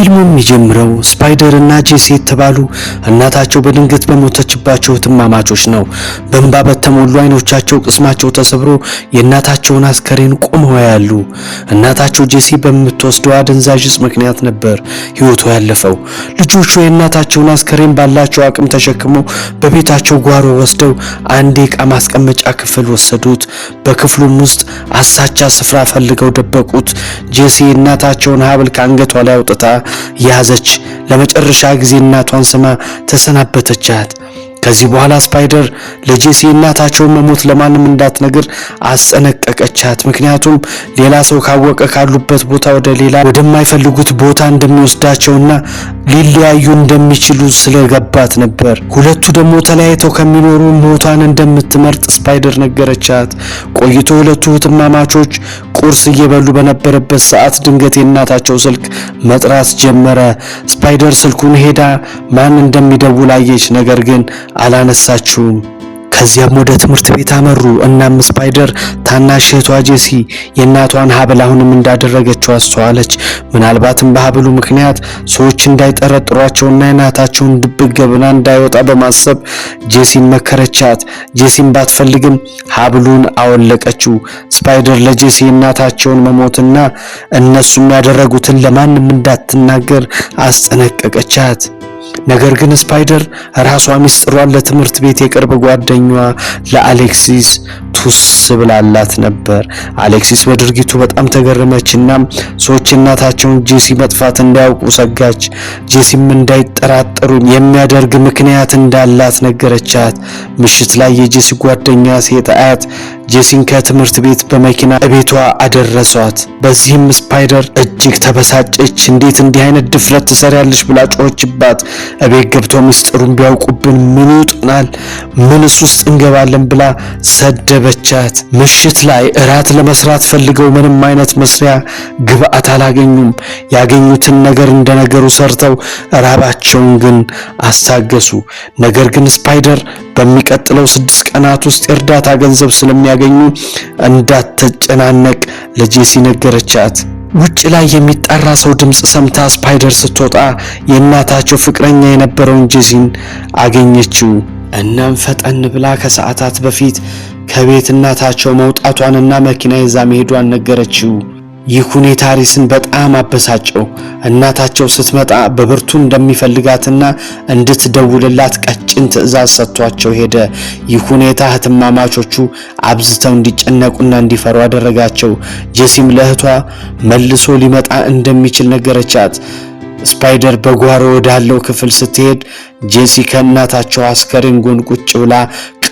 ፊልሙ የሚጀምረው ስፓይደር እና ጄሲ የተባሉ እናታቸው በድንገት በሞተችባቸው ትማማቾች ነው። በእንባ በተሞሉ አይኖቻቸው ቅስማቸው ተሰብሮ የእናታቸውን አስከሬን ቆመው ያሉ። እናታቸው ጄሲ በምትወስደው አደንዛዥ እጽ ምክንያት ነበር ህይወቱ ያለፈው። ልጆቹ የእናታቸውን አስከሬን ባላቸው አቅም ተሸክመው በቤታቸው ጓሮ ወስደው አንድ የእቃ ማስቀመጫ ክፍል ወሰዱት። በክፍሉም ውስጥ አሳቻ ስፍራ ፈልገው ደበቁት። ጄሲ እናታቸውን ሀብል ከአንገቷ ላይ አውጥታ ያዘች። ለመጨረሻ ጊዜ እናቷን ስማ ተሰናበተቻት። ከዚህ በኋላ ስፓይደር ለጄሲ እናታቸውን መሞት ለማንም እንዳትነግር አስጠነቀቀቻት። ምክንያቱም ሌላ ሰው ካወቀ ካሉበት ቦታ ወደ ሌላ ወደማይፈልጉት ቦታ እንደሚወስዳቸውና ሊለያዩ እንደሚችሉ ስለገባት ነበር። ሁለቱ ደግሞ ተለያይተው ከሚኖሩ ሞቷን እንደምትመርጥ ስፓይደር ነገረቻት። ቆይቶ ሁለቱ እህትማማቾች ቁርስ እየበሉ በነበረበት ሰዓት ድንገት የእናታቸው ስልክ መጥራት ጀመረ። ስፓይደር ስልኩን ሄዳ ማን እንደሚደውል አየች። ነገር ግን አላነሳችውም። ከዚያም ወደ ትምህርት ቤት አመሩ። እናም ስፓይደር ታናሽ እህቷ ጄሲ የእናቷን ሀብል አሁንም እንዳደረገችው አስተዋለች። ምናልባትም በሀብሉ ምክንያት ሰዎች እንዳይጠረጥሯቸውና የናታቸውን ድብቅ ገብና እንዳይወጣ በማሰብ ጄሲን መከረቻት። ጄሲን ባትፈልግም ሀብሉን አወለቀችው። ስፓይደር ለጄሲ የእናታቸውን መሞትና እነሱም ያደረጉትን ለማንም እንዳትናገር አስጠነቀቀቻት። ነገር ግን ስፓይደር ራሷ ሚስጥሯን ለትምህርት ቤት የቅርብ ጓደኛዋ ለአሌክሲስ ቱስ ብላላት ነበር። አሌክሲስ በድርጊቱ በጣም ተገረመችና ሰዎች እናታቸውን ጄሲ መጥፋት እንዳያውቁ ሰጋች። ጄሲም እንዳይጠራጠሩ የሚያደርግ ምክንያት እንዳላት ነገረቻት። ምሽት ላይ የጄሲ ጓደኛ ሴት አያት ጄሲን ከትምህርት ቤት በመኪና ቤቷ አደረሷት። በዚህም ስፓይደር እጅግ ተበሳጨች። እንዴት እንዲህ አይነት ድፍረት ትሰሪያለሽ ብላ ጮኸችባት። እቤት ገብተው ምስጢሩን ቢያውቁብን ምን ይውጡናል? ምንስ ውስጥ እንገባለን ብላ ሰደ ጠገበቻት። ምሽት ላይ እራት ለመስራት ፈልገው ምንም አይነት መስሪያ ግብአት አላገኙም። ያገኙትን ነገር እንደነገሩ ሰርተው ራባቸውን ግን አስታገሱ። ነገር ግን ስፓይደር በሚቀጥለው ስድስት ቀናት ውስጥ የእርዳታ ገንዘብ ስለሚያገኙ እንዳትጨናነቅ ለጄሲ ነገረቻት። ውጭ ላይ የሚጣራ ሰው ድምፅ ሰምታ ስፓይደር ስትወጣ የእናታቸው ፍቅረኛ የነበረውን ጄሲን አገኘችው። እናም ፈጠን ብላ ከሰዓታት በፊት ከቤት እናታቸው መውጣቷንና መኪና ይዛ መሄዷን ነገረችው። ይህ ሁኔታ ሪስን በጣም አበሳጨው። እናታቸው ስትመጣ በብርቱ እንደሚፈልጋትና እንድትደውልላት ቀጭን ትዕዛዝ ሰጥቷቸው ሄደ። ይህ ሁኔታ እህትማማቾቹ አብዝተው እንዲጨነቁና እንዲፈሩ አደረጋቸው። ጄሲም ለእህቷ መልሶ ሊመጣ እንደሚችል ነገረቻት። ስፓይደር በጓሮ ወዳለው ክፍል ስትሄድ ጄሲ ከእናታቸው አስከሬን ጎን ቁጭ ብላ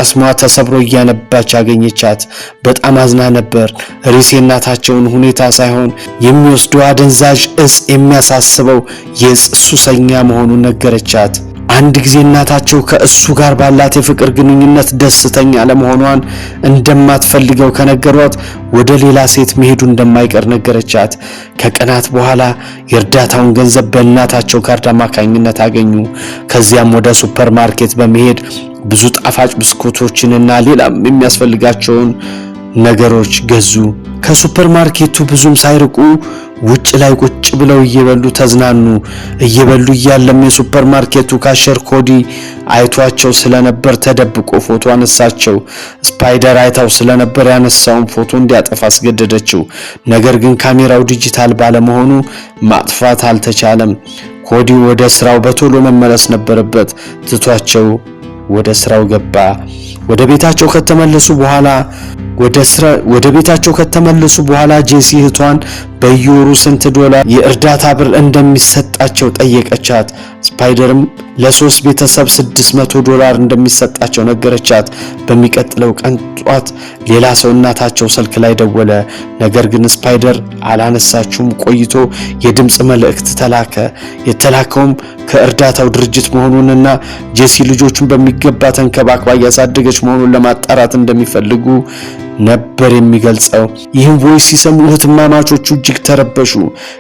ቀስሟ ተሰብሮ እያነባች አገኘቻት። በጣም አዝና ነበር። ሪስ የእናታቸውን ሁኔታ ሳይሆን የሚወስደው አደንዛዥ እጽ የሚያሳስበው የእጽ ሱሰኛ መሆኑን ነገረቻት። አንድ ጊዜ እናታቸው ከእሱ ጋር ባላት የፍቅር ግንኙነት ደስተኛ ለመሆኗን እንደማትፈልገው ከነገሯት ወደ ሌላ ሴት መሄዱ እንደማይቀር ነገረቻት። ከቀናት በኋላ የእርዳታውን ገንዘብ በእናታቸው ካርድ አማካኝነት አገኙ። ከዚያም ወደ ሱፐር ማርኬት በመሄድ ብዙ ጣፋጭ ብስኩቶችንና ሌላም የሚያስፈልጋቸውን ነገሮች ገዙ። ከሱፐር ማርኬቱ ብዙም ሳይርቁ ውጭ ላይ ቁጭ ብለው እየበሉ ተዝናኑ። እየበሉ እያለም የሱፐር ማርኬቱ ካሸር ኮዲ አይቷቸው ስለነበር ተደብቆ ፎቶ አነሳቸው። ስፓይደር አይታው ስለነበር ያነሳውን ፎቶ እንዲያጠፋ አስገደደችው። ነገር ግን ካሜራው ዲጂታል ባለመሆኑ ማጥፋት አልተቻለም። ኮዲ ወደ ስራው በቶሎ መመለስ ነበረበት። ትቷቸው ወደ ስራው ገባ። ወደ ቤታቸው ከተመለሱ በኋላ ወደ ቤታቸው ከተመለሱ በኋላ ጄሲ እህቷን በየወሩ ስንት ዶላር የእርዳታ ብር እንደሚሰጣቸው ጠየቀቻት። ስፓይደርም ለሶስት ቤተሰብ 600 ዶላር እንደሚሰጣቸው ነገረቻት። በሚቀጥለው ቀን ጧት ሌላ ሰው እናታቸው ስልክ ላይ ደወለ። ነገር ግን ስፓይደር አላነሳችሁም። ቆይቶ የድምፅ መልእክት ተላከ። የተላከውም ከእርዳታው ድርጅት መሆኑንና ጄሲ ልጆቹን በሚገባ ተንከባክባ እያሳደገች መሆኑን ለማጣራት እንደሚፈልጉ ነበር የሚገልጸው። ይህን ቮይስ ሲሰሙ እህትማማቾቹ እጅግ ተረበሹ።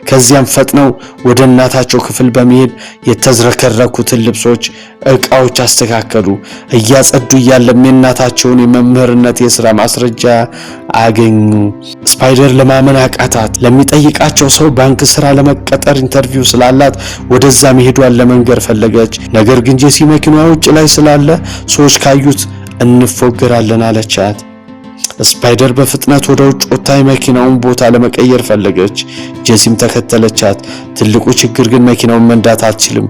ከዚያም ፈጥነው ወደ እናታቸው ክፍል በመሄድ የተዝረከረኩትን ልብሶች፣ እቃዎች አስተካከሉ። እያጸዱ እያለም የእናታቸውን የመምህርነት የሥራ ማስረጃ አገኙ። ስፓይደር ለማመን አቃታት። ለሚጠይቃቸው ሰው ባንክ ሥራ ለመቀጠር ኢንተርቪው ስላላት ወደዛ መሄዷን ለመንገር ፈለገች። ነገር ግን ጄሲ መኪና ውጭ ላይ ስላለ ሰዎች ካዩት እንፎገራለን አለቻት። ስፓይደር በፍጥነት ወደ ውጭ ወጥታ የመኪናውን ቦታ ለመቀየር ፈለገች። ጄሲም ተከተለቻት። ትልቁ ችግር ግን መኪናውን መንዳት አትችልም።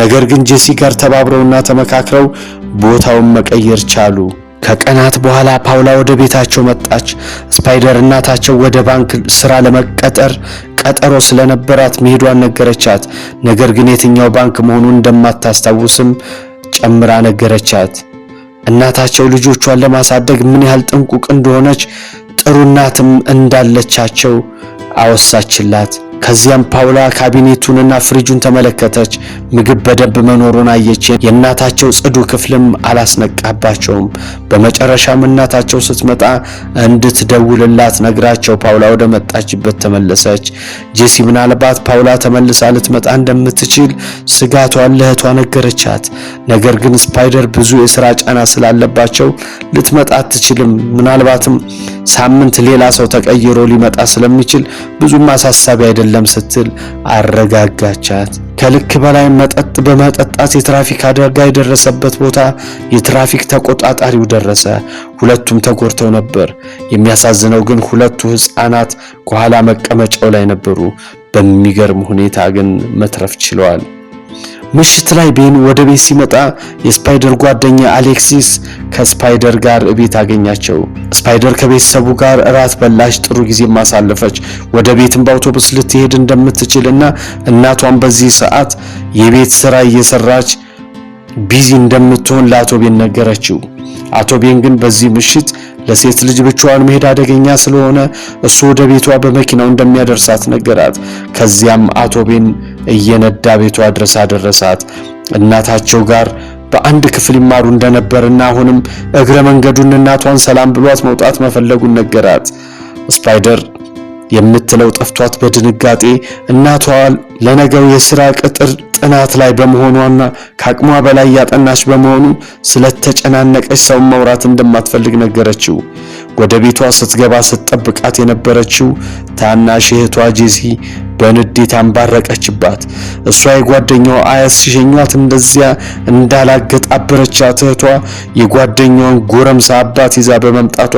ነገር ግን ጄሲ ጋር ተባብረውና ተመካክረው ቦታውን መቀየር ቻሉ። ከቀናት በኋላ ፓውላ ወደ ቤታቸው መጣች። ስፓይደር እናታቸው ወደ ባንክ ስራ ለመቀጠር ቀጠሮ ስለነበራት መሄዷን ነገረቻት። ነገር ግን የትኛው ባንክ መሆኑን እንደማታስታውስም ጨምራ ነገረቻት። እናታቸው ልጆቿን ለማሳደግ ምን ያህል ጥንቁቅ እንደሆነች ጥሩ እናትም እንዳለቻቸው አወሳችላት። ከዚያም ፓውላ ካቢኔቱንና ፍሪጁን ተመለከተች። ምግብ በደንብ መኖሩን አየች። የእናታቸው ጽዱ ክፍልም አላስነቃባቸውም። በመጨረሻም እናታቸው ስትመጣ እንድትደውልላት ነግራቸው ፓውላ ወደ መጣችበት ተመለሰች። ጄሲ ምናልባት ፓውላ ተመልሳ ልትመጣ እንደምትችል ስጋቷን ለእህቷ ነገረቻት። ነገር ግን ስፓይደር ብዙ የሥራ ጫና ስላለባቸው ልትመጣ አትችልም። ምናልባትም ሳምንት ሌላ ሰው ተቀይሮ ሊመጣ ስለሚችል ብዙም አሳሳቢ አይደለም የለም ስትል አረጋጋቻት። ከልክ በላይ መጠጥ በመጠጣት የትራፊክ አደጋ የደረሰበት ቦታ የትራፊክ ተቆጣጣሪው ደረሰ። ሁለቱም ተጎድተው ነበር። የሚያሳዝነው ግን ሁለቱ ሕፃናት ከኋላ መቀመጫው ላይ ነበሩ። በሚገርም ሁኔታ ግን መትረፍ ችለዋል። ምሽት ላይ ቤን ወደ ቤት ሲመጣ የስፓይደር ጓደኛ አሌክሲስ ከስፓይደር ጋር ቤት አገኛቸው። ስፓይደር ከቤተሰቡ ጋር እራት በላች፣ ጥሩ ጊዜ ማሳለፈች። ወደ ቤትም በአውቶቡስ ልትሄድ እንደምትችል እና እናቷን በዚህ ሰዓት የቤት ስራ እየሰራች ቢዚ እንደምትሆን ለአቶ ቤን ነገረችው። አቶ ቤን ግን በዚህ ምሽት ለሴት ልጅ ብቻዋን መሄድ አደገኛ ስለሆነ እሱ ወደ ቤቷ በመኪናው እንደሚያደርሳት ነገራት። ከዚያም አቶ ቤን እየነዳ ቤቷ ድረስ አደረሳት። እናታቸው ጋር በአንድ ክፍል ይማሩ እንደነበርና አሁንም እግረ መንገዱን እናቷን ሰላም ብሏት መውጣት መፈለጉን ነገራት። ስፓይደር የምትለው ጠፍቷት በድንጋጤ እናቷ ለነገው የሥራ ቅጥር ጥናት ላይ በመሆኗና ከአቅሟ በላይ ያጠናች በመሆኑ ስለተጨናነቀች ሰውን መውራት እንደማትፈልግ ነገረችው። ወደ ቤቷ ስትገባ ስትጠብቃት የነበረችው ታናሽ እህቷ ጄሲ በንዴት አንባረቀችባት። እሷ የጓደኛው አያስ ሲሸኟት እንደዚያ አበረቻ። እህቷ የጓደኛዋን ጎረምሳ አባት ይዛ በመምጣቷ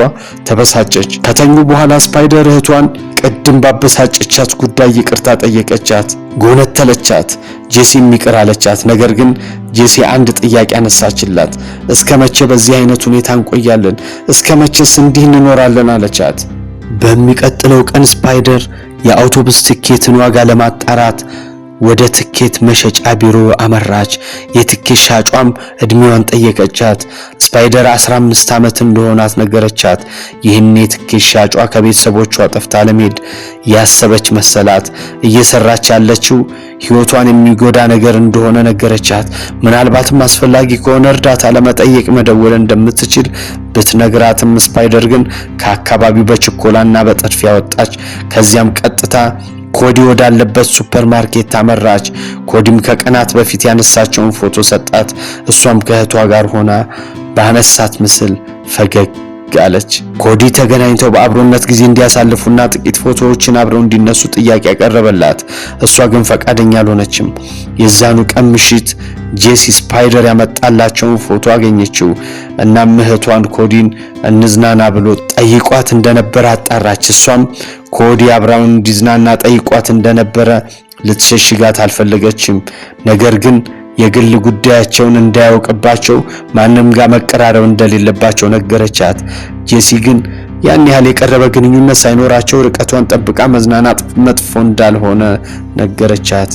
ተበሳጨች። ከተኙ በኋላ ስፓይደር እህቷን ቅድም ባበሳጨቻት ጉዳይ ይቅርታ ጠየቀቻት፣ ጎነተለቻት። ጄሲም ይቅር አለቻት። ነገር ግን ጄሲ አንድ ጥያቄ አነሳችላት። እስከ መቼ በዚህ አይነት ሁኔታ እንቆያለን? እስከ መቼስ እንዲህ እንኖራለን? አለቻት። በሚቀጥለው ቀን ስፓይደር የአውቶቡስ ትኬትን ዋጋ ለማጣራት ወደ ትኬት መሸጫ ቢሮ አመራች። የትኬት ሻጯም እድሜዋን ጠየቀቻት። ስፓይደር 15 ዓመት እንደሆናት ነገረቻት። ይህን የትኬት ሻጯ ከቤተሰቦቿ ጠፍታ ለመሄድ ያሰበች መሰላት። እየሰራች ያለችው ህይወቷን የሚጎዳ ነገር እንደሆነ ነገረቻት። ምናልባትም አስፈላጊ ከሆነ እርዳታ ለመጠየቅ መደወል እንደምትችል ብትነግራትም ስፓይደር ግን ከአካባቢው በችኮላና በጥድፊያ ወጣች። ከዚያም ቀጥታ ኮዲ ወዳለበት ሱፐር ማርኬት አመራች። ኮዲም ከቀናት በፊት ያነሳቸውን ፎቶ ሰጣት። እሷም ከእህቷ ጋር ሆና ባነሳት ምስል ፈገግ አለች። ኮዲ ተገናኝተው በአብሮነት ጊዜ እንዲያሳልፉና ጥቂት ፎቶዎችን አብረው እንዲነሱ ጥያቄ ያቀረበላት፣ እሷ ግን ፈቃደኛ አልሆነችም። የዛኑ ቀን ምሽት ጄሲ ስፓይደር ያመጣላቸውን ፎቶ አገኘችው። እናም እህቷን ኮዲን እንዝናና ብሎ ጠይቋት እንደነበረ አጣራች። እሷም ኮዲ አብራውን እንዲዝናና ጠይቋት እንደነበረ ልትሸሽጋት አልፈለገችም። ነገር ግን የግል ጉዳያቸውን እንዳያውቅባቸው ማንም ጋር መቀራረብ እንደሌለባቸው ነገረቻት። ጄሲ ግን ያን ያህል የቀረበ ግንኙነት ሳይኖራቸው ርቀቷን ጠብቃ መዝናናት መጥፎ እንዳልሆነ ነገረቻት።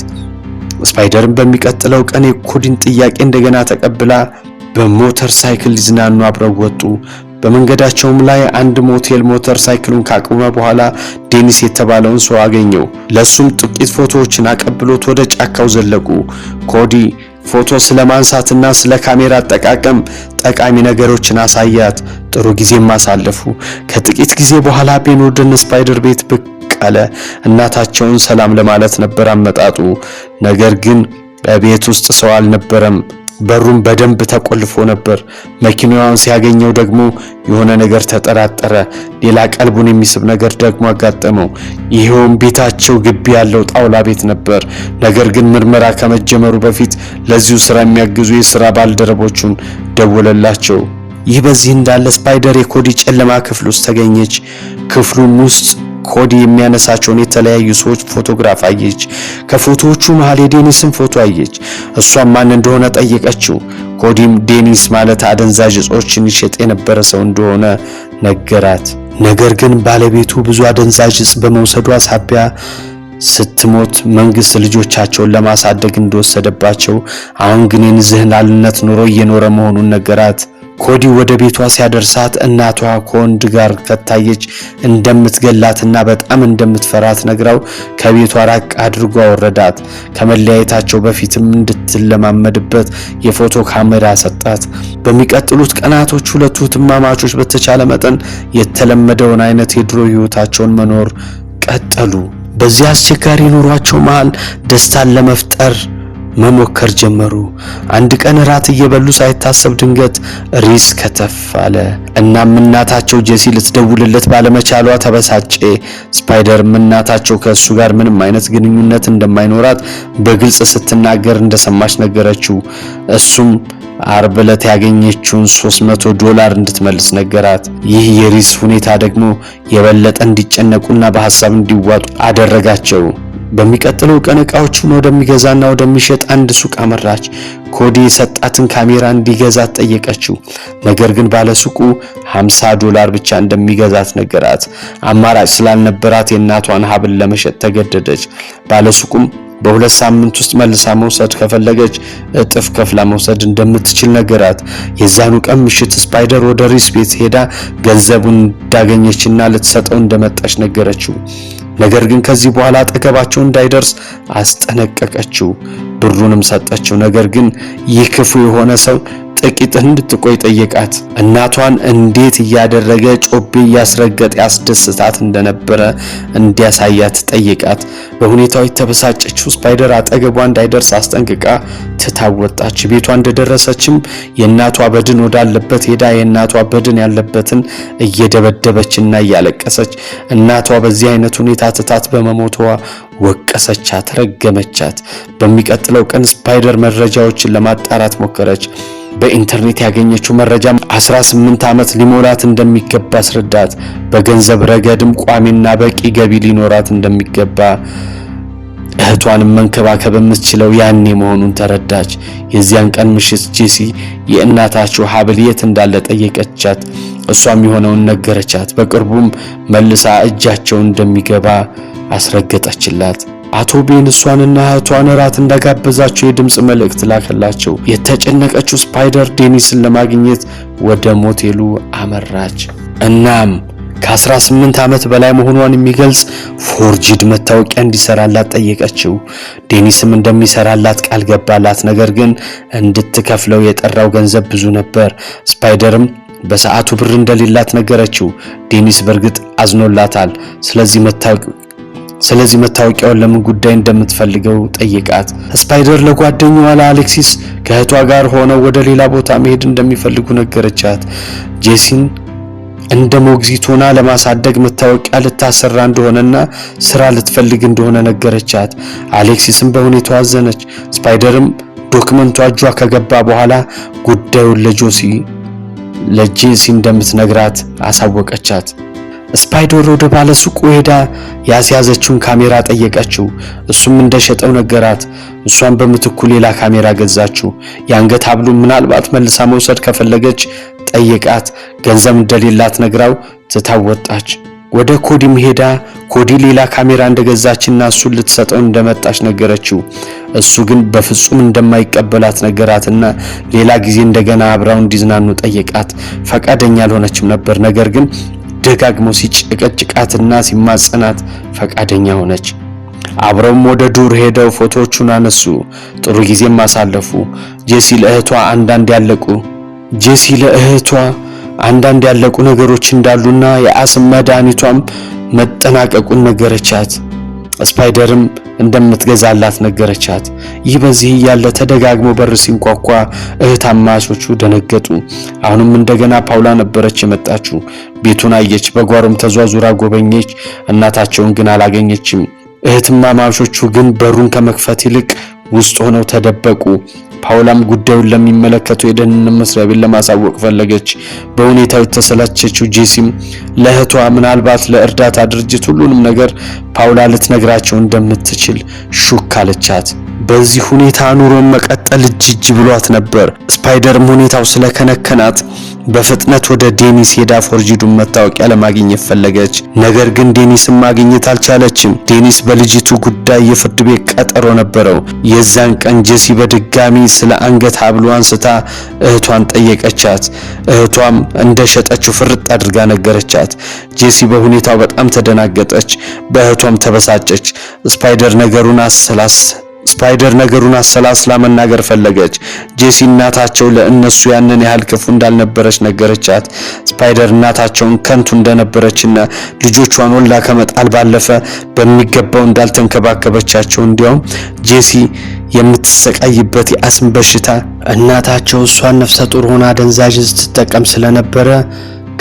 ስፓይደርን በሚቀጥለው ቀን የኮዲን ጥያቄ እንደገና ተቀብላ በሞተር ሳይክል ሊዝናኑ አብረው ወጡ። በመንገዳቸውም ላይ አንድ ሞቴል ሞተር ሳይክሉን ካቆመ በኋላ ዴኒስ የተባለውን ሰው አገኘው። ለሱም ጥቂት ፎቶዎችን አቀብሎት ወደ ጫካው ዘለቁ። ኮዲ ፎቶ ስለ ማንሳትና ስለ ካሜራ አጠቃቀም ጠቃሚ ነገሮችን አሳያት። ጥሩ ጊዜም አሳለፉ። ከጥቂት ጊዜ በኋላ ቤን ወደ ስፓይደር ቤት ብቅ አለ። እናታቸውን ሰላም ለማለት ነበር አመጣጡ። ነገር ግን በቤት ውስጥ ሰው አልነበረም። በሩም በደንብ ተቆልፎ ነበር። መኪናዋን ሲያገኘው ደግሞ የሆነ ነገር ተጠራጠረ። ሌላ ቀልቡን የሚስብ ነገር ደግሞ አጋጠመው። ይሄውም ቤታቸው ግቢ ያለው ጣውላ ቤት ነበር። ነገር ግን ምርመራ ከመጀመሩ በፊት ለዚሁ ስራ የሚያግዙ የስራ ባልደረቦቹን ደወለላቸው። ይህ በዚህ እንዳለ ስፓይደር የኮዲ ጨለማ ክፍል ውስጥ ተገኘች። ክፍሉም ውስጥ ኮዲ የሚያነሳቸውን የተለያዩ ሰዎች ፎቶግራፍ አየች። ከፎቶዎቹ መሃል የዴኒስን ፎቶ አየች። እሷም ማን እንደሆነ ጠየቀችው። ኮዲም ዴኒስ ማለት አደንዛዥ እጾችን ይሸጥ የነበረ ሰው እንደሆነ ነገራት። ነገር ግን ባለቤቱ ብዙ አደንዛዥ እጽ በመውሰዷ ሳቢያ ስትሞት መንግስት ልጆቻቸውን ለማሳደግ እንደወሰደባቸው፣ አሁን ግን የንዝህላልነት ኑሮ እየኖረ መሆኑን ነገራት። ኮዲ ወደ ቤቷ ሲያደርሳት እናቷ ከወንድ ጋር ከታየች እንደምትገላትና በጣም እንደምትፈራት ነግራው ከቤቷ ራቅ አድርጎ አወረዳት። ከመለያየታቸው በፊትም እንድትለማመድበት የፎቶ ካሜራ ሰጣት። በሚቀጥሉት ቀናቶች ሁለቱ ትማማቾች በተቻለ መጠን የተለመደውን አይነት የድሮ ህይወታቸውን መኖር ቀጠሉ። በዚህ አስቸጋሪ ኑሯቸው መሃል ደስታን ለመፍጠር መሞከር ጀመሩ። አንድ ቀን እራት እየበሉ ሳይታሰብ ድንገት ሪስ ከተፍ አለ። እናም እናታቸው ጄሲ ልትደውልለት ባለመቻሏ ተበሳጨ። ስፓይደርም እናታቸው ከእሱ ጋር ምንም አይነት ግንኙነት እንደማይኖራት በግልጽ ስትናገር እንደሰማች ነገረችው። እሱም አርብ ዕለት ያገኘችውን 300 ዶላር እንድትመልስ ነገራት። ይህ የሪስ ሁኔታ ደግሞ የበለጠ እንዲጨነቁና በሐሳብ እንዲዋጡ አደረጋቸው። በሚቀጥለው ቀን ወደሚገዛና ወደሚሸጥ አንድ ሱቅ አመራች። ኮዲ የሰጣትን ካሜራ እንዲገዛት ጠየቀችው። ነገር ግን ባለሱቁ 50 ዶላር ብቻ እንደሚገዛት ነገራት። አማራጭ ስላልነበራት የእናቷን ሀብል ለመሸጥ ተገደደች። ባለሱቁም በሁለት ሳምንት ውስጥ መልሳ መውሰድ ከፈለገች እጥፍ ከፍላ መውሰድ እንደምትችል ነገራት። የዛኑ ቀን ምሽት ስፓይደር ወደ ሪስ ቤት ሄዳ ገንዘቡን እንዳገኘችና ልትሰጠው እንደመጣች ነገረችው። ነገር ግን ከዚህ በኋላ አጠገባቸው እንዳይደርስ አስጠነቀቀችው፣ ብሩንም ሰጠችው። ነገር ግን ይህ ክፉ የሆነ ሰው ጥቂት እንድትቆይ ጠየቃት። እናቷን እንዴት እያደረገ ጮቤ እያስረገጠ ያስደስታት እንደነበረ እንዲያሳያት ጠየቃት። በሁኔታው የተበሳጨችው ስፓይደር አጠገቧ እንዳይደርስ አስጠንቅቃ ትታወጣች። ቤቷ እንደደረሰችም የእናቷ በድን ወዳለበት ሄዳ የእናቷ በድን ያለበትን እየደበደበችና እያለቀሰች እናቷ በዚህ አይነት ሁኔታ ትታት በመሞቷ ወቀሰቻት፣ ረገመቻት። በሚቀጥለው ቀን ስፓይደር መረጃዎችን ለማጣራት ሞከረች። በኢንተርኔት ያገኘችው መረጃ 18 ዓመት ሊሞላት እንደሚገባ አስረዳት። በገንዘብ ረገድም ቋሚና በቂ ገቢ ሊኖራት እንደሚገባ እህቷን መንከባከብ የምትችለው ያኔ መሆኑን ተረዳች። የዚያን ቀን ምሽት ጄሲ የእናታቸው ሀብል የት እንዳለ ጠየቀቻት። እሷም የሆነውን ነገረቻት። በቅርቡም መልሳ እጃቸው እንደሚገባ አስረገጠችላት። አቶ ቤን እሷንና እህቷን እራት እንደጋበዛቸው የድምፅ መልእክት ላከላቸው። የተጨነቀችው ስፓይደር ዴኒስን ለማግኘት ወደ ሞቴሉ አመራች። እናም ከ18 ዓመት በላይ መሆኗን የሚገልጽ ፎርጅድ መታወቂያ እንዲሰራላት ጠየቀችው። ዴኒስም እንደሚሰራላት ቃል ገባላት። ነገር ግን እንድትከፍለው የጠራው ገንዘብ ብዙ ነበር። ስፓይደርም በሰዓቱ ብር እንደሌላት ነገረችው። ዴኒስ በእርግጥ አዝኖላታል። ስለዚህ ስለዚህ መታወቂያውን ለምን ጉዳይ እንደምትፈልገው ጠይቃት። ስፓይደር ለጓደኛዋ ለአሌክሲስ ከእህቷ ጋር ሆነው ወደ ሌላ ቦታ መሄድ እንደሚፈልጉ ነገረቻት። ጄሲን እንደ ሞግዚት ሆና ለማሳደግ መታወቂያ ልታሰራ እንደሆነና ስራ ልትፈልግ እንደሆነ ነገረቻት። አሌክሲስም በሁኔታው አዘነች። ስፓይደርም ዶክመንቷ እጇ ከገባ በኋላ ጉዳዩን ለጆሲ ለጄሲ እንደምትነግራት አሳወቀቻት። ስፓይደር ወደ ባለ ሱቁ ሄዳ ያስያዘችውን ካሜራ ጠየቀችው። እሱም እንደሸጠው ነገራት። እሷም በምትኩ ሌላ ካሜራ ገዛችው። የአንገት ሐብሉን ምናልባት መልሳ መውሰድ ከፈለገች ጠየቃት። ገንዘብ እንደሌላት ነግራው ትታወጣች። ወደ ኮዲም ሄዳ ኮዲ ሌላ ካሜራ እንደገዛችና እሱን ልትሰጠው እንደመጣች ነገረችው። እሱ ግን በፍጹም እንደማይቀበላት ነገራትና ሌላ ጊዜ እንደገና አብራው እንዲዝናኑ ጠየቃት። ፈቃደኛ አልሆነችም ነበር። ነገር ግን ደጋግሞ ሲጨቀጭቃትና ሲማጸናት ፈቃደኛ ሆነች። አብረውም ወደ ዱር ሄደው ፎቶዎቹን አነሱ። ጥሩ ጊዜም አሳለፉ። ጄሲ ለእህቷ አንዳንድ ያለቁ ጄሲ ለእህቷ አንዳንድ ያለቁ ነገሮች እንዳሉና የአስም መድኃኒቷም መጠናቀቁን ነገረቻት። ስፓይደርም እንደምትገዛላት ነገረቻት። ይህ በዚህ እያለ ተደጋግሞ በር ሲንኳኳ እህት ደነገጡ። አሁንም እንደገና ፓውላ ነበረች የመጣችው። ቤቱን አየች፣ በጓሮም ተዟዙራ ጎበኘች። እናታቸውን ግን አላገኘችም። እህትማማቾቹ ግን በሩን ከመክፈት ይልቅ ውስጥ ሆነው ተደበቁ። ፓውላም ጉዳዩን ለሚመለከቱ የደህንነት መስሪያ ቤት ለማሳወቅ ፈለገች። በሁኔታው የተሰላቸችው ጄሲም ለእህቷ ምናልባት ለእርዳታ ድርጅት ሁሉንም ነገር ፓውላ ልትነግራቸው እንደምትችል ሹክ አለቻት። በዚህ ሁኔታ ኑሮን መቀጠል እጅጅ ብሏት ነበር። ስፓይደርም ሁኔታው ስለከነከናት በፍጥነት ወደ ዴኒስ ሄዳ ፎርጂዱን መታወቂያ ለማግኘት ፈለገች። ነገር ግን ዴኒስን ማግኘት አልቻለችም። ዴኒስ በልጅቱ ጉዳይ የፍርድ ቤት ቀጠሮ ነበረው። የዛን ቀን ጄሲ በድጋሚ ስለ አንገት ሀብሉ አንስታ እህቷን ጠየቀቻት። እህቷም እንደሸጠችው ፍርጥ አድርጋ ነገረቻት። ጄሲ በሁኔታው በጣም ተደናገጠች፣ በእህቷም ተበሳጨች። ስፓይደር ነገሩን አሰላስ ስፓይደር ነገሩን አሰላስላ መናገር ፈለገች። ጄሲ እናታቸው ለእነሱ ያንን ያህል ክፉ እንዳልነበረች ነገረቻት። ስፓይደር እናታቸውን ከንቱ እንደነበረችና ልጆቿን ወላ ከመጣል ባለፈ በሚገባው እንዳልተንከባከበቻቸው እንዲያውም ጄሲ የምትሰቃይበት የአስም በሽታ እናታቸው እሷን ነፍሰ ጡር ሆና አደንዛዥን ስትጠቀም ስለነበረ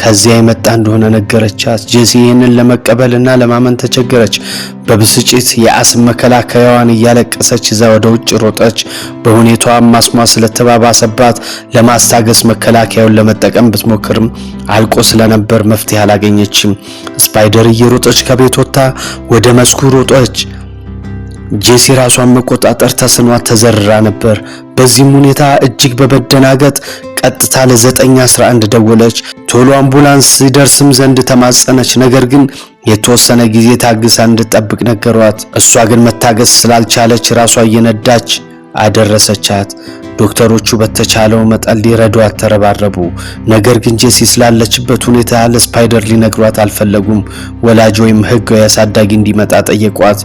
ከዚያ የመጣ እንደሆነ ነገረቻት። ጄሲ ይህንን ለመቀበልና ለማመን ተቸገረች። በብስጭት የአስም መከላከያዋን እያለቀሰች ይዛ ወደ ውጭ ሮጠች። በሁኔታዋ ማስሟ ስለተባባሰባት ለማስታገስ መከላከያውን ለመጠቀም ብትሞክርም አልቆ ስለነበር መፍትሄ አላገኘችም። ስፓይደር እየሮጠች ከቤት ወጥታ ወደ መስኩ ሮጠች። ጄሲ ራሷን መቆጣጠር ተስኗ ተዘርራ ነበር። በዚህም ሁኔታ እጅግ በመደናገጥ ቀጥታ ለ911 ደወለች። ቶሎ አምቡላንስ ሲደርስም ዘንድ ተማጸነች። ነገር ግን የተወሰነ ጊዜ ታግሳ እንድትጠብቅ ነገሯት። እሷ ግን መታገስ ስላልቻለች ራሷ እየነዳች አደረሰቻት። ዶክተሮቹ በተቻለው መጠን ሊረዷት ተረባረቡ። ነገር ግን ጄሲ ስላለችበት ሁኔታ ለስፓይደር ሊነግሯት አልፈለጉም። ወላጅ ወይም ሕጋዊ አሳዳጊ እንዲመጣ ጠየቋት።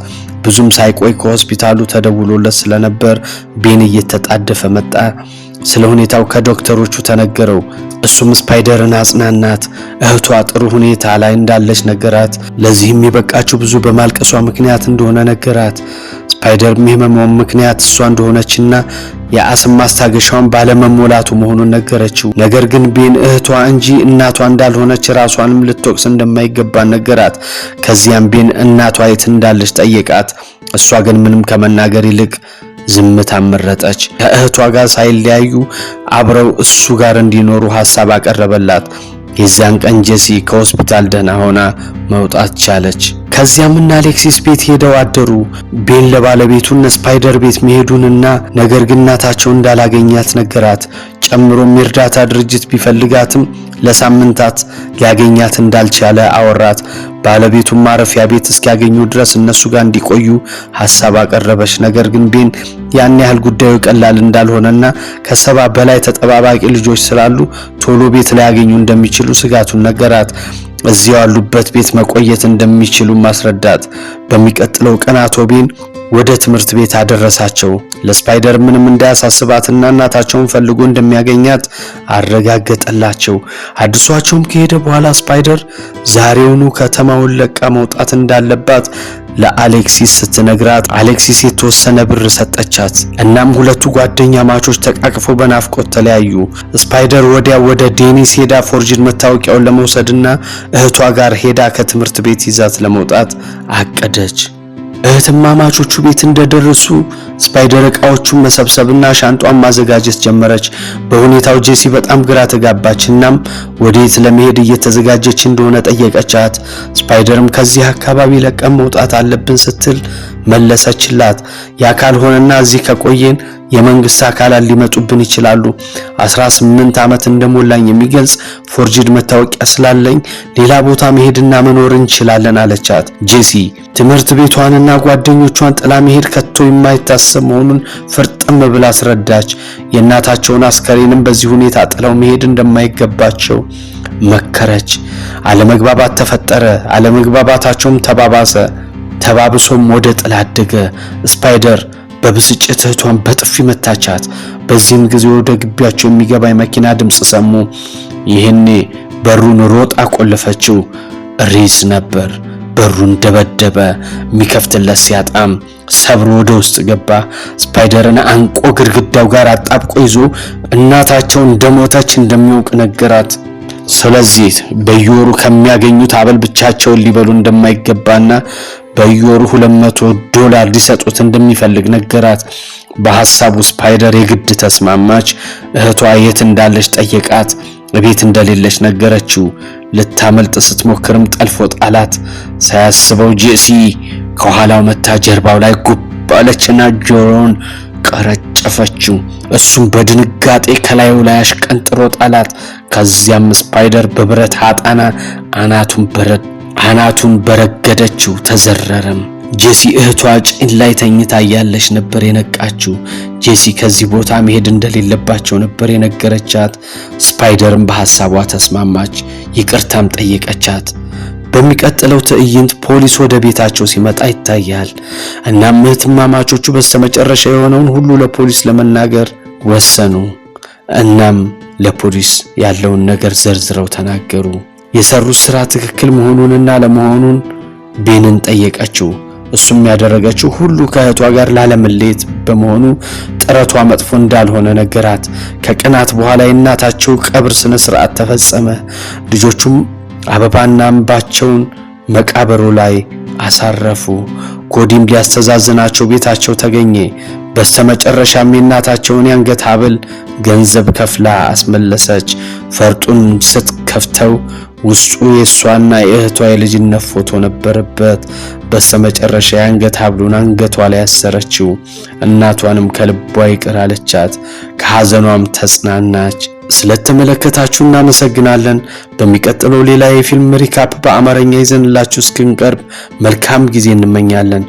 ብዙም ሳይቆይ ከሆስፒታሉ ተደውሎለት ስለነበር ቤን እየተጣደፈ መጣ። ስለ ሁኔታው ከዶክተሮቹ ተነገረው። እሱም ስፓይደርን አጽናናት። እህቷ ጥሩ ሁኔታ ላይ እንዳለች ነገራት። ለዚህም የበቃችው ብዙ በማልቀሷ ምክንያት እንደሆነ ነገራት። ስፓይደር የህመሟን ምክንያት እሷ እንደሆነችና የአስም ማስታገሻውን ባለመሞላቱ መሆኑን ነገረችው። ነገር ግን ቤን እህቷ እንጂ እናቷ እንዳልሆነች ራሷንም ልትወቅስ እንደማይገባ ነገራት። ከዚያም ቤን እናቷ የት እንዳለች ጠየቃት። እሷ ግን ምንም ከመናገር ይልቅ ዝምታ መረጠች። ከእህቷ ጋር ሳይለያዩ አብረው እሱ ጋር እንዲኖሩ ሐሳብ አቀረበላት። የዚያን ቀን ጄሲ ከሆስፒታል ደህና ሆና መውጣት ቻለች። ከዚያም እና አሌክሲስ ቤት ሄደው አደሩ። ቤን ለባለቤቱ እነ ስፓይደር ቤት መሄዱንና ነገር ግን እናታቸው እንዳላገኛት ነገራት። ጨምሮም የእርዳታ ድርጅት ቢፈልጋትም ለሳምንታት ሊያገኛት እንዳልቻለ አወራት። ባለቤቱን ማረፊያ ቤት እስኪያገኙ ድረስ እነሱ ጋር እንዲቆዩ ሐሳብ አቀረበች። ነገር ግን ቤን ያን ያህል ጉዳዩ ቀላል እንዳልሆነና ከሰባ በላይ ተጠባባቂ ልጆች ስላሉ ቶሎ ቤት ላያገኙ እንደሚችሉ ስጋቱን ነገራት። እዚያው ያሉበት ቤት መቆየት እንደሚችሉ ማስረዳት። በሚቀጥለው ቀን አቶቢን ወደ ትምህርት ቤት አደረሳቸው። ለስፓይደር ምንም እንዳያሳስባትና እናታቸውን ፈልጎ እንደሚያገኛት አረጋገጠላቸው። አዲሷቸውም ከሄደ በኋላ ስፓይደር ዛሬውኑ ከተማውን ለቃ መውጣት እንዳለባት ለአሌክሲስ ስትነግራት አሌክሲስ የተወሰነ ብር ሰጠቻት። እናም ሁለቱ ጓደኛ ማቾች ተቃቅፎ በናፍቆት ተለያዩ። ስፓይደር ወዲያ ወደ ዴኒስ ሄዳ ፎርጅን መታወቂያውን ለመውሰድና እህቷ ጋር ሄዳ ከትምህርት ቤት ይዛት ለመውጣት አቀደች። እህትማማቾቹ ቤት እንደደረሱ ስፓይደር እቃዎቹን መሰብሰብና ሻንጧን ማዘጋጀት ጀመረች። በሁኔታው ጄሲ በጣም ግራ ተጋባች። እናም ወዴት ለመሄድ እየተዘጋጀች እንደሆነ ጠየቀቻት። ስፓይደርም ከዚህ አካባቢ ለቀን መውጣት አለብን ስትል መለሰችላት። ያ ካልሆነና እዚህ ከቆየን የመንግስት አካላት ሊመጡብን ይችላሉ። 18 ዓመት እንደሞላኝ የሚገልጽ ፎርጅድ መታወቂያ ስላለኝ ሌላ ቦታ መሄድና መኖር እንችላለን አለቻት። ጄሲ ትምህርት ቤቷንና ጓደኞቿን ጥላ መሄድ ከቶ የማይታሰብ መሆኑን ፍርጥም ብላ አስረዳች። የእናታቸውን አስከሬንም በዚህ ሁኔታ ጥለው መሄድ እንደማይገባቸው መከረች። አለመግባባት ተፈጠረ። አለመግባባታቸውም ተባባሰ። ተባብሶም ወደ ጥላ አደገ። ስፓይደር በብስጭት እህቷን በጥፊ መታቻት። በዚህም ጊዜ ወደ ግቢያቸው የሚገባ የመኪና ድምፅ ሰሙ። ይህኔ በሩን ሮጣ ቆለፈችው። ሪዝ ነበር። በሩን ደበደበ። የሚከፍትለት ሲያጣም ሰብሮ ወደ ውስጥ ገባ። ስፓይደርን አንቆ ግድግዳው ጋር አጣብቆ ይዞ እናታቸው እንደሞተች እንደሚያውቅ ነገራት። ስለዚህ በየወሩ ከሚያገኙት አበል ብቻቸውን ሊበሉ እንደማይገባና በየወሩ 200 ዶላር ሊሰጡት እንደሚፈልግ ነገራት። በሐሳቡ ስፓይደር የግድ ተስማማች። እህቷ የት እንዳለች ጠየቃት። ቤት እንደሌለች ነገረችው። ልታመልጥ ስትሞክርም ጠልፎ ጣላት። ሳያስበው ጄሲ ከኋላው መታ ጀርባው ላይ ጉባለችና ጆሮን ቀረጨፈችው። እሱም በድንጋጤ ከላዩ ላይ አሽቀንጥሮ ጣላት። ከዚያም ስፓይደር በብረት አጣና አናቱን በረድ አናቱን በረገደችው፣ ተዘረረም። ጄሲ እህቷ ጭን ላይ ተኝታ እያለች ነበር የነቃችው። ጄሲ ከዚህ ቦታ መሄድ እንደሌለባቸው ነበር የነገረቻት። ስፓይደርም በሐሳቧ ተስማማች፣ ይቅርታም ጠየቀቻት። በሚቀጥለው ትዕይንት ፖሊስ ወደ ቤታቸው ሲመጣ ይታያል። እናም እህትማማቾቹ በስተመጨረሻ የሆነውን ሁሉ ለፖሊስ ለመናገር ወሰኑ። እናም ለፖሊስ ያለውን ነገር ዘርዝረው ተናገሩ። የሰሩት ስራ ትክክል መሆኑንና ለመሆኑን ቤንን ጠየቀችው። እሱም ያደረገችው ሁሉ ከእህቷ ጋር ላለመለየት በመሆኑ ጥረቷ መጥፎ እንዳልሆነ ነገራት። ከቀናት በኋላ የእናታቸው ቀብር ስነ ስርዓት ተፈጸመ። ልጆቹም አበባና እንባቸውን መቃብሩ ላይ አሳረፉ። ጎዲም ሊያስተዛዝናቸው ቤታቸው ተገኘ። በስተመጨረሻም የእናታቸውን የአንገት ሀብል ገንዘብ ከፍላ አስመለሰች። ፈርጡን ስት ከፍተው ውስጡ የእሷና የእህቷ የልጅነት ፎቶ ነበረበት። በስተመጨረሻ የአንገት ሐብሉን አንገቷ ላይ ያሰረችው። እናቷንም ከልቧ ይቅር አለቻት። ከሐዘኗም ተጽናናች። ስለተመለከታችሁ እናመሰግናለን። በሚቀጥለው ሌላ የፊልም ሪካፕ በአማርኛ ይዘንላችሁ እስክንቀርብ መልካም ጊዜ እንመኛለን።